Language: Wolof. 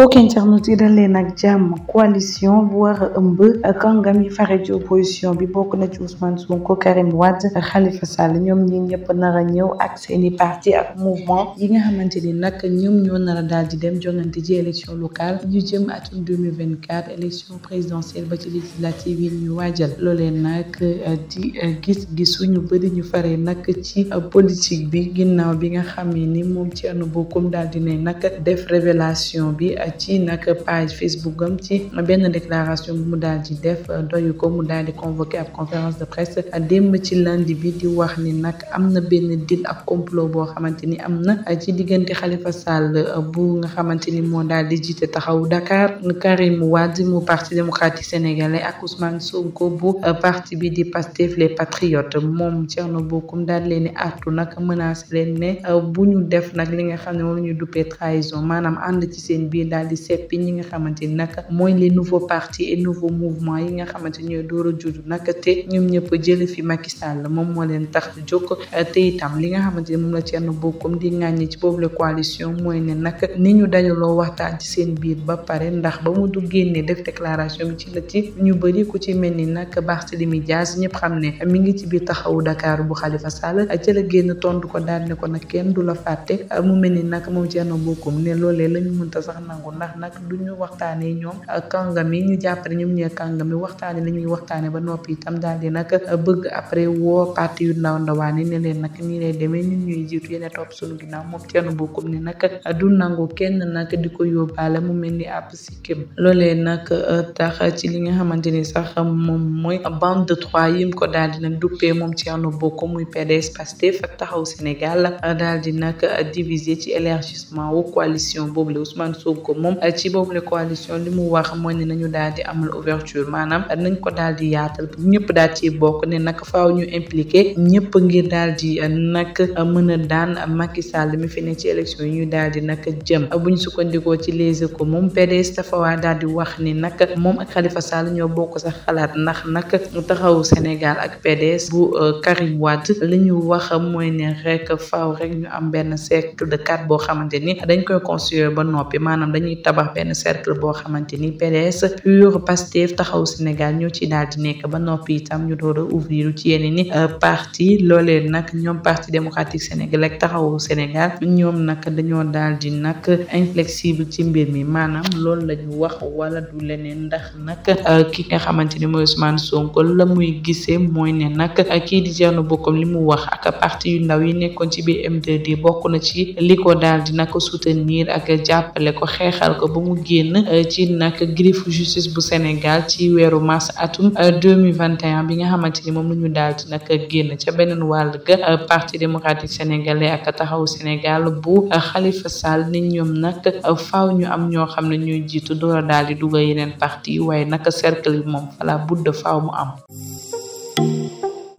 mbokk internet yi dañ leen ak jàmm coalition bu war a ëmb kangam yi fare ci opposition bi bokk na ci Ousmane Sonko Karim Wade Khalifa Sall ñoom ñi ñëpp nar a ñëw ak seen i parti ak mouvement yi nga xamante ni nag ñoom ñoo nar a daal di dem jongante ji élection locale ñu jëm atum 2024 élection présidentielle ba ci législative yi ñu waajal loole nag euh, di euh, gis gisuñu bëri ñu fare nag ci euh, politique bi ginnaaw bi nga xamee ni moom ci anu bokkum daal di ne nag def révélation ci nag page Facebook am ci benn déclaration bu mu daal di def doyu ko mu daal di convoqué ab conférence de presse démb ci lundi bi di wax ni nag am na benn deal ak complot boo xamante ni am na ci diggante Khalifa Sall bu nga xamante ni moo daal di jiite taxaw Dakar Karim Wade mu parti démocratique sénégalais ak Ousmane Sonko bu parti bi di Pastef les patriotes moom Thierno Bocoum daal leen di artu nag menacé leen ne bu ñu def nag li nga xam ne moom la ñu duppee trahison maanaam ànd ci seen biir daal di seppi ñi nga xamante ni nag mooy les nouveaux partis et nouveaux mouvements yi nga xamante ñooy door a judd nag te ñoom ñëpp jële fi Macky Sall moom moo leen tax nga xamante moom di ŋàññi ci boobu la mooy ne ni ñu dajaloo waxtaan ci seen biir ba pare ndax ba mu du génnee def déclaration bi ñu bëri ku ci mel ni nag Barthélémy Dias ñëpp xam ne mi ngi ci biir taxawu Dakar bu Khalifa Sall ci la génn tontu ko daal ne ko nag kenn du la fàtte mu mel ni nag moom Thierno Bocoum ne loolee lañu mënta sax na nangu ndax nag du ñu waxtaanee ñoom kàngam yi ñu jàpp ne ñoom ñee kàngam yi waxtaane la ñuy waxtaane ba noppi itam daal di nag bëgg après woo parti yu ndaw ndawaan ne leen nag nii lay demee ñun ñuy jiitu yene topp suñu ginnaaw moom Thierno du nangu kenn nag di ko yóbbaale mu mel ni ab sikkim loolee nag euh, tax ci li nga xamante ni sax moom mooy bande de trois yim ko daal di nag duppee moom Thierno Bocoum muy PDS Pastef ak taxaw Sénégal daal di nag diviser ci élargissement wu coalition boobu la Ousmane Sonko Sonko moom eh, ci boobu la coalition li mu wax mooy ne nañu daal di amal ouverture maanaam nañ ko daal di yaatal ñëpp daal ci bokk ne nag faw ñu impliqué ñëpp ngir daal di eh, nag eh, mën a daan Macky Sall mi fi ci élection yu ñu daal di nag jëm bu ñu sukkandikoo ci les échos moom PDS dafa waa daal di wax ni nag moom ak Khalifa Sall ñoo bokk sax xalaat ndax nag taxawu Sénégal ak PDS bu Karim Wade li ñu wax mooy ne rek faaw rek ñu am benn cercle de cadre boo xamante ni dañ koy construire ba noppi maanaam dañuy tabax benn cercle boo xamante ni PDS PUR PASTEF taxaw Sénégal ñoo ci daal di nekk ba noppi itam ñu door a ouvrir ci yeneen ni euh, parti loolee nag ñoom parti démocratique Sénégal ak taxawu Sénégal ñoom nag dañoo daal di nag inflexible ci mbir mi maanaam loolu la ñu wax wala du leneen ndax nag euh, ki nga xamante ni mooy Ousmane Sonko la muy gise mooy ne nag euh, kii di Thierno Bocoum li mu wax ak parti yu ndaw yi nekkoon ci biir m 2 bokk na ci li ko daal di soutenir ak jàppale ko xeex xeexal ko ba mu génn euh, ci nag griffe justice bu Sénégal ci weeru mars atum euh, deux mille vingt bi nga xamante ni moom la ñu daal di nag génn ca beneen wàll ga euh, parti démocratique sénégalais ak taxawu Sénégal bu xalifa Sall ni ñoom nag faw ñu am ñoo xam ne ñuy jiitu door a daal di dugal yeneen parti waaye nag cercle moom fala budd faaw mu am.